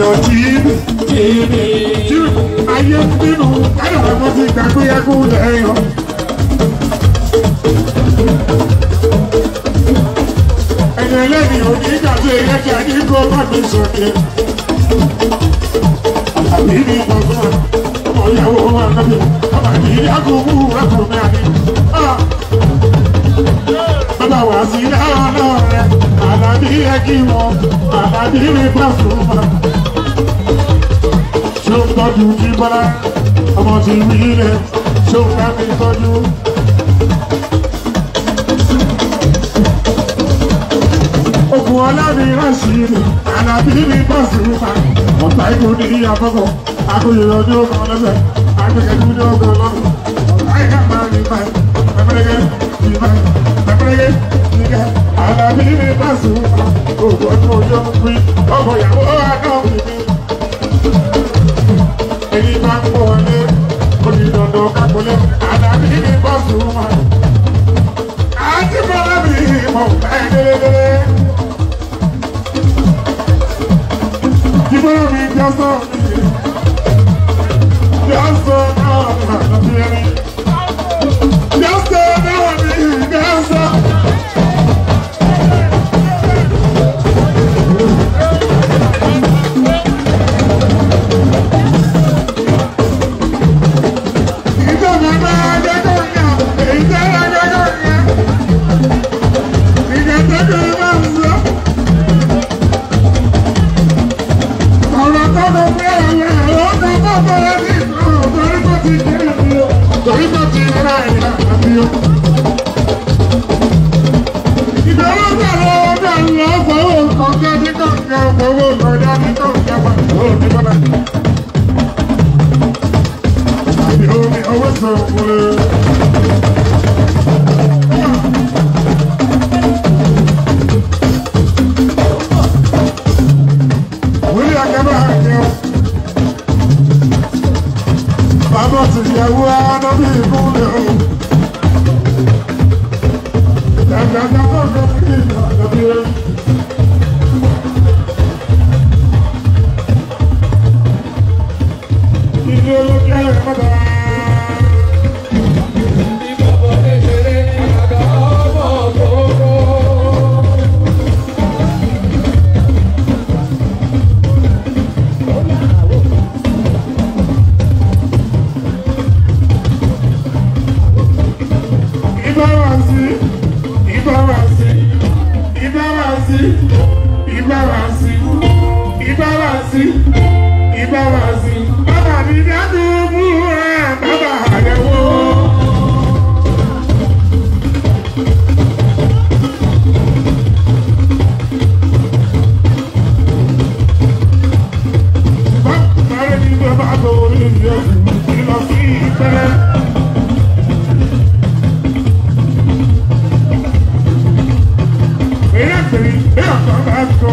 ìlọ jí jí ayé nínú ayọ̀wé mo ti gbàgbé ẹkú lẹ́yìn. ẹ̀yìn ẹlẹ́ni òní ìgbàgbé ẹlẹ́kẹ̀ ní kó má mi sókè. àbí ní gbọ̀ngàn ọmọ ìyàwó wa lọ́bẹ̀ ọmọ ìyá kò mú ẹkùnrin àní. bàbá wa sí náà náà rẹ̀ àlàbí ẹ kí wọn àlàbí rẹ̀ gbà fún wa ṣé ó tọ́jú bí bọ́lá ọmọ ti rí ilẹ̀ ṣé ó ká mi tọ́jú. Ogun ọlọ́ni Rashid Alábí ní bọ́ọ̀sì rúpa ọ̀tá ikú ní àkọ́kọ́ akóyèrè ọdún ọkọ̀ ọlọ́sẹ̀ akẹ́kẹ́ ní ọgbọ̀n ọlọ́run ọ̀tá ìka máa ní báyìí pẹ́pẹ́rẹ́gẹ́ ní báyìí pẹ́pẹ́rẹ́gẹ́ ní ká Alábí ní bọ́ọ̀sì rúpa ogun ọdún ọjọ́ pín ọkọ̀ ìyàwó àdán mi èyí bá ń bọ̀ wọlé onídọ̀dọ̀ kápọ̀lẹ́ àdàbí ní bọ́ọ̀sù wọn. àti bọ́lá mi mọ̀ báyìí délédélé. ìbọ̀lá mi jásọ̀ mi jásọ̀ náà nàbí ẹni. Brooklyn.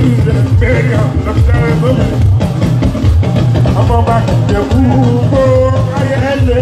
I'm bẹ́ẹ̀rẹ̀ ọ̀dọ́dẹ́rẹ́ lónìí. ọmọ bá kìjẹ̀kú gbó ayẹyẹ lè.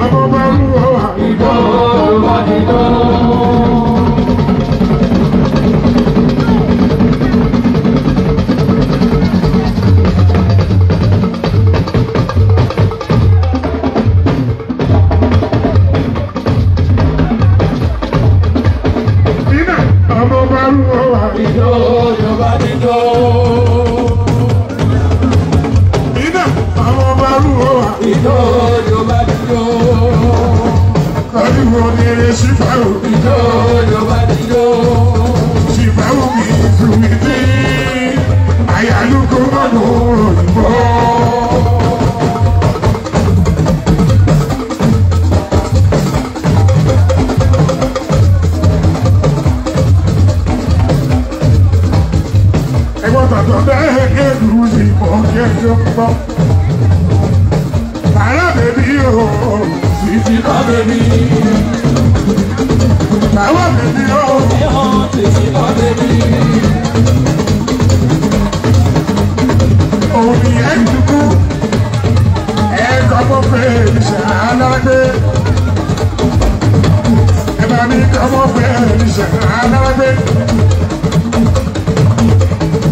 àbọ̀bọ̀ mú ọ àìbọ̀.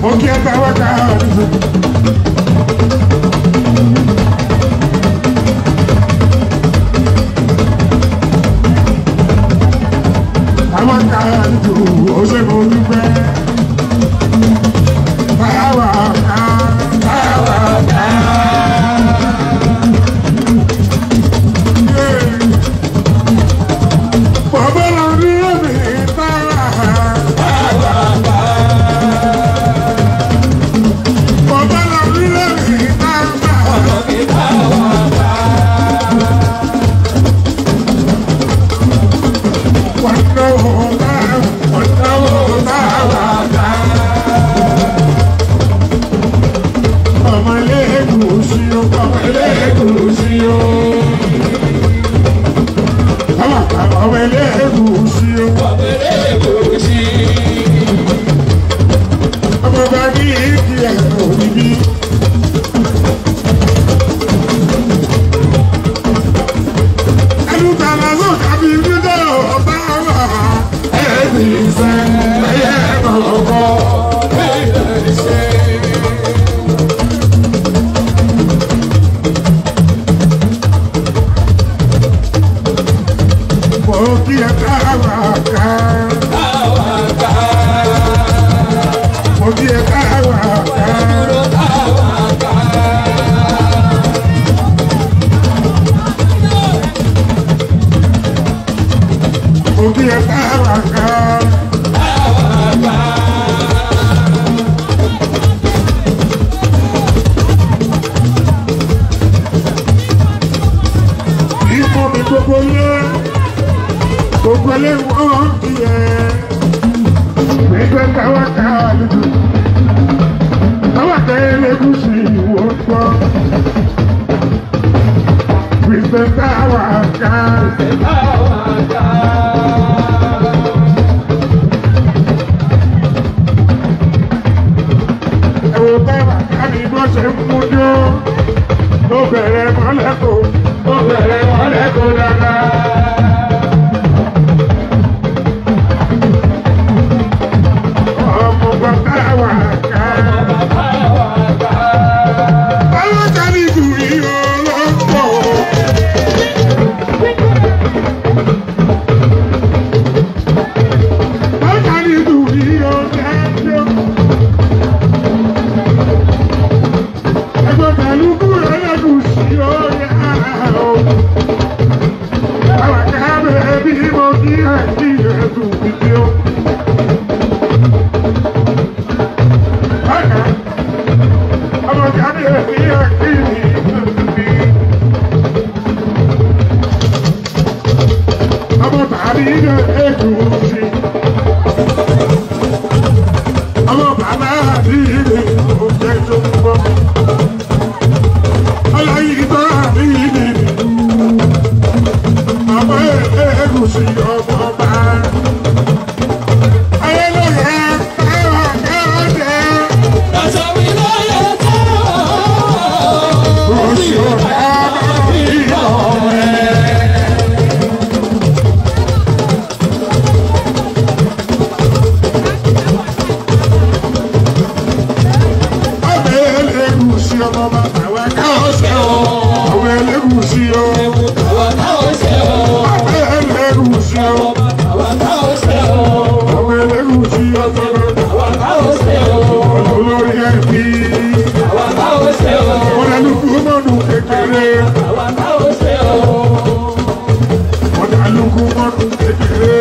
mo kí ẹ bá wá know The power of God. woman, baby.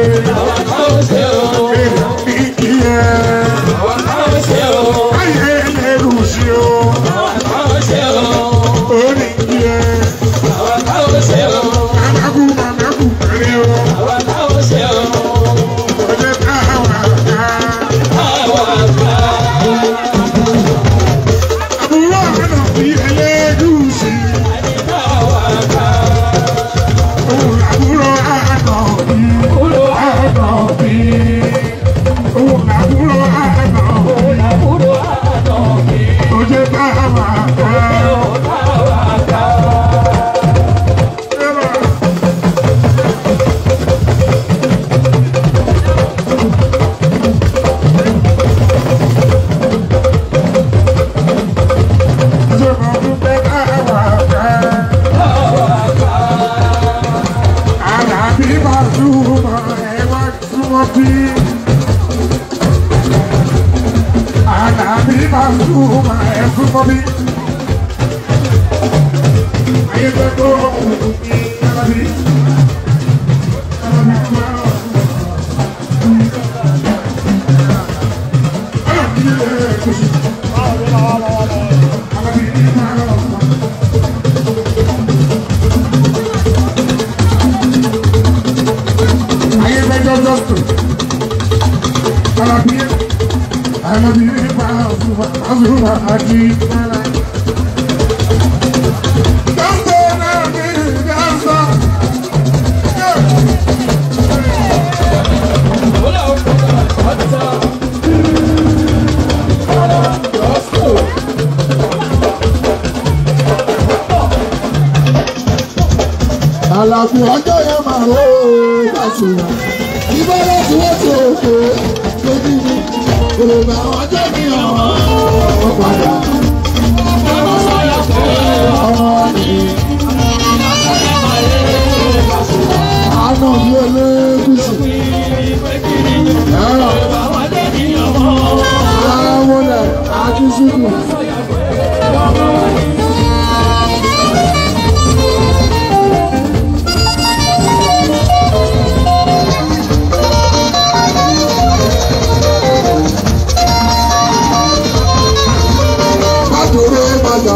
Yorùbá ọjọ́ mi ọ̀hún padà.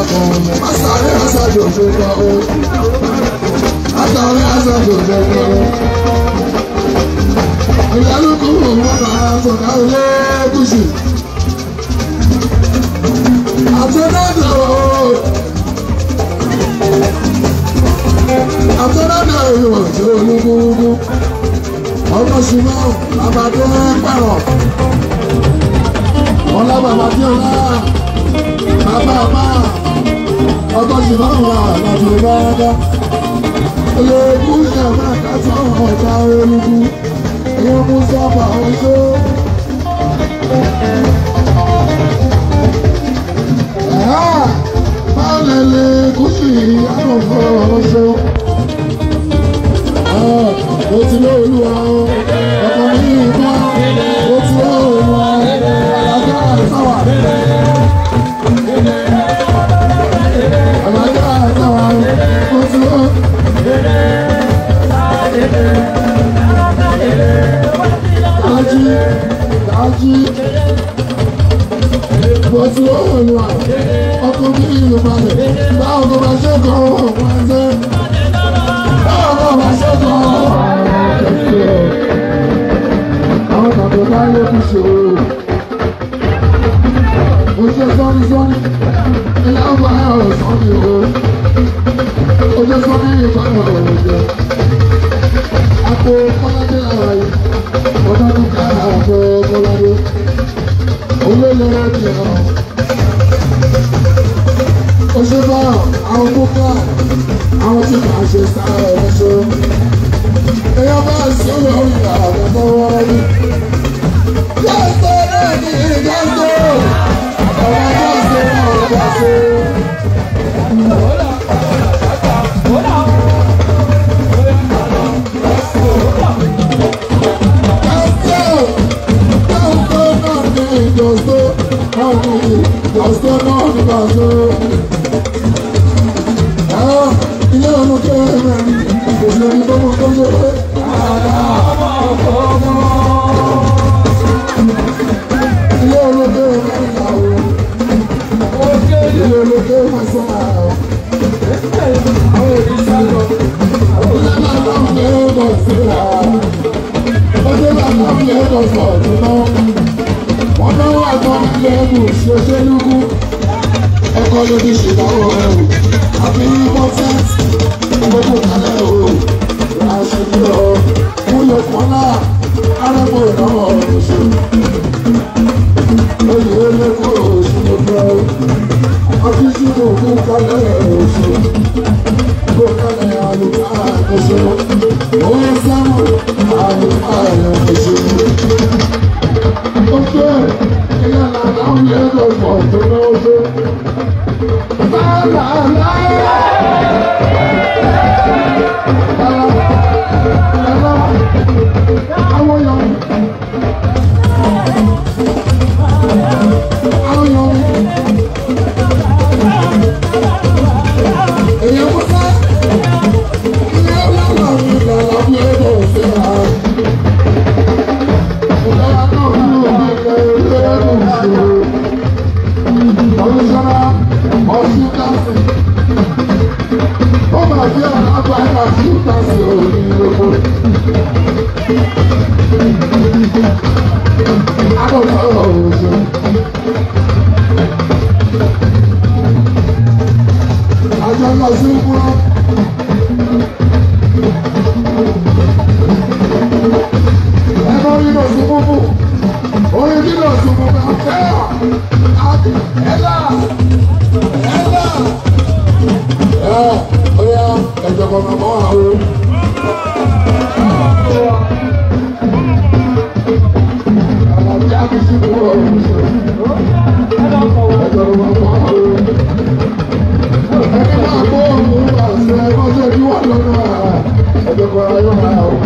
kan asàrẹ́ asàdòdò kan o asàrẹ́ asàdòdò kan o. ìyálùkù òun máa sọ̀dá olé kùsù. àtọ́dọ̀dọ̀ o. àtọ́dọ̀dọ̀ ìwọ̀n tí olúkúlùkù ọmọ ṣùgbọ́n àbàdé pààrọ̀ ọlọ́bàbà díọ̀lá bàbá máa ọgọ́jì márùn-ún àlàjò dáadáa ẹyẹ gúúsù náà kásá àwọn ọ̀tá olùkú ẹyẹ musa fàáṣọ. Malele kusi anofo ọsọ. Ó ti lé olúwa. ti wọ́n pẹ̀lú wa ọkàn bí ìlú balẹ̀ báwo kò bá ṣe kàn án wọ́n wá ṣe báwo kò bá ṣe kàn án wọ́n wá ṣe àwọn tàbí bá yẹ kí ṣòro mo ṣe sọ́ni sọ́ni ilé ọgbà ẹ̀ ọ̀sán mi ò. àṣẹ náà ní bàṣẹ. ilé ọ̀nà kẹrẹ kò sí ẹni tó mọ tó ń ṣe pé. ilé ọ̀nà kẹrẹ ìyàwó ilé ọ̀nà kẹrẹ màṣẹ. àwọn òrìṣà lọ. ọ̀sẹ̀ máa ń bá mi lẹ́yìn ọ̀sẹ̀ rà. ọ̀sẹ̀ máa ń bá mi lẹ́yìn ọ̀sẹ̀ ọ̀sẹ̀ náà wọn lọ́wọ́ àgbọn ilé ẹ̀kú sí òṣèlúkú ẹ̀kọ́ lórí ìṣèdáwó ẹ̀rù àbí mọ́fẹ́ gbogbo kálẹ̀ o àṣìlẹ̀ ọ múlò kọ́lá arẹ́gbọ̀n ìnáwó ọ̀ṣọ́ oyè olóko òṣèlú bẹ́ẹ̀ ọ́fíìsì tó kú kálẹ̀ òṣèlú kó kálẹ̀ àlùkà àkóso owó sáwọn àlùkà àkóso. ẹjọ kan máa bọ́ àwọn. àlàáfíà kì í sí kúrò ọ̀rọ̀ mi sọ̀rọ̀. ẹjọ kan máa bọ́ àwọn. ẹni máa bọ́ òun àṣẹ ẹgbọ́sẹ̀ bí wọ́n lọ́nà ẹjọ kan ayọ́ máa wọ̀.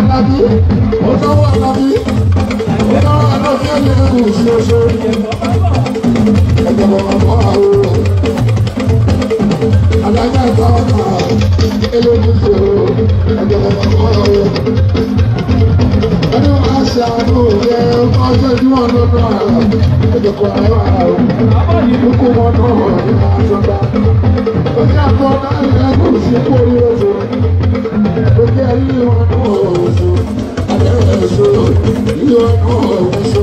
alábí ó náwó alábí ó náwó alábí ẹ̀yẹ kò sí ọṣẹ. ẹjọ kan máa bọ́ àwọn alájà ìjọba eléyìí ṣòro ẹgbẹ̀rún ọkọ rẹ. ẹni máa ṣe àánú òye ọjọ́ ìdíwọ̀n lọ́dọ̀ àrà ẹ̀dọ̀kọ̀ àárọ̀ àrà ìlúkú wọn náà wọ̀ ní àjọba. òkè àtọ́ náà ní ẹgbẹ́ òṣìkú orí oṣù òkè ẹ̀rí wọn náà wọ̀ oṣù àbẹ̀rẹ̀ oṣù ìlú wọn náà wọ̀ oṣù.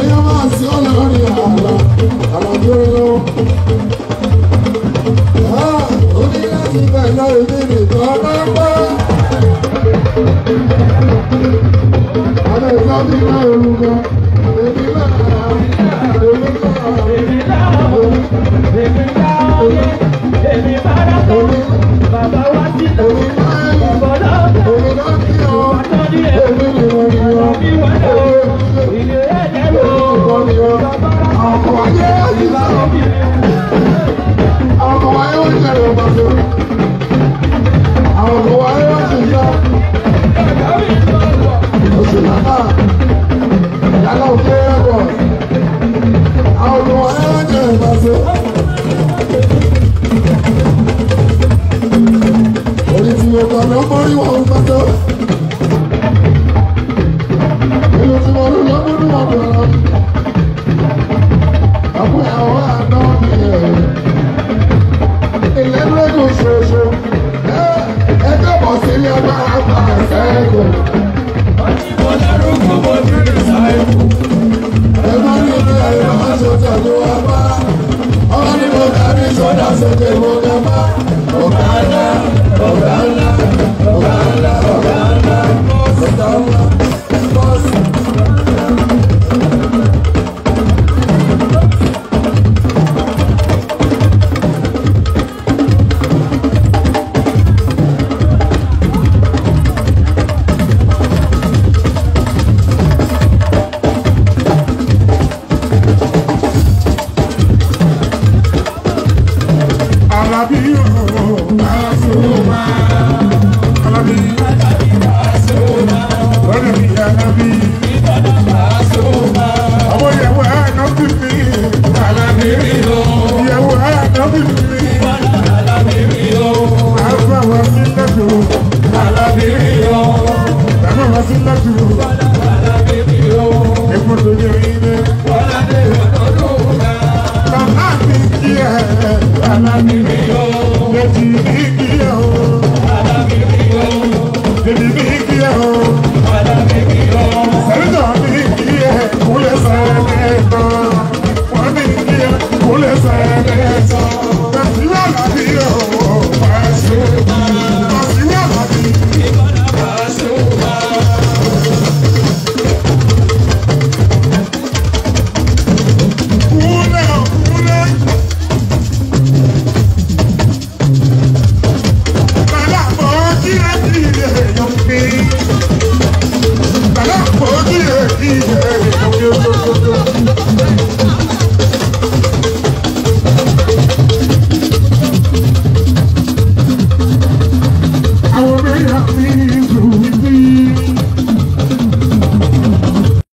èèyàn máa ṣe ọ̀nà lórí àlà àlàjọ ẹ̀rọ. Bàbá wa ti lọ, bàbá lọ́dọ̀, bàbá lọ́dọ̀, bàbá lọ́dọ̀. ni ọba àgbà ṣẹ́gun. Ọ̀nìbó lárúkọ mo fi you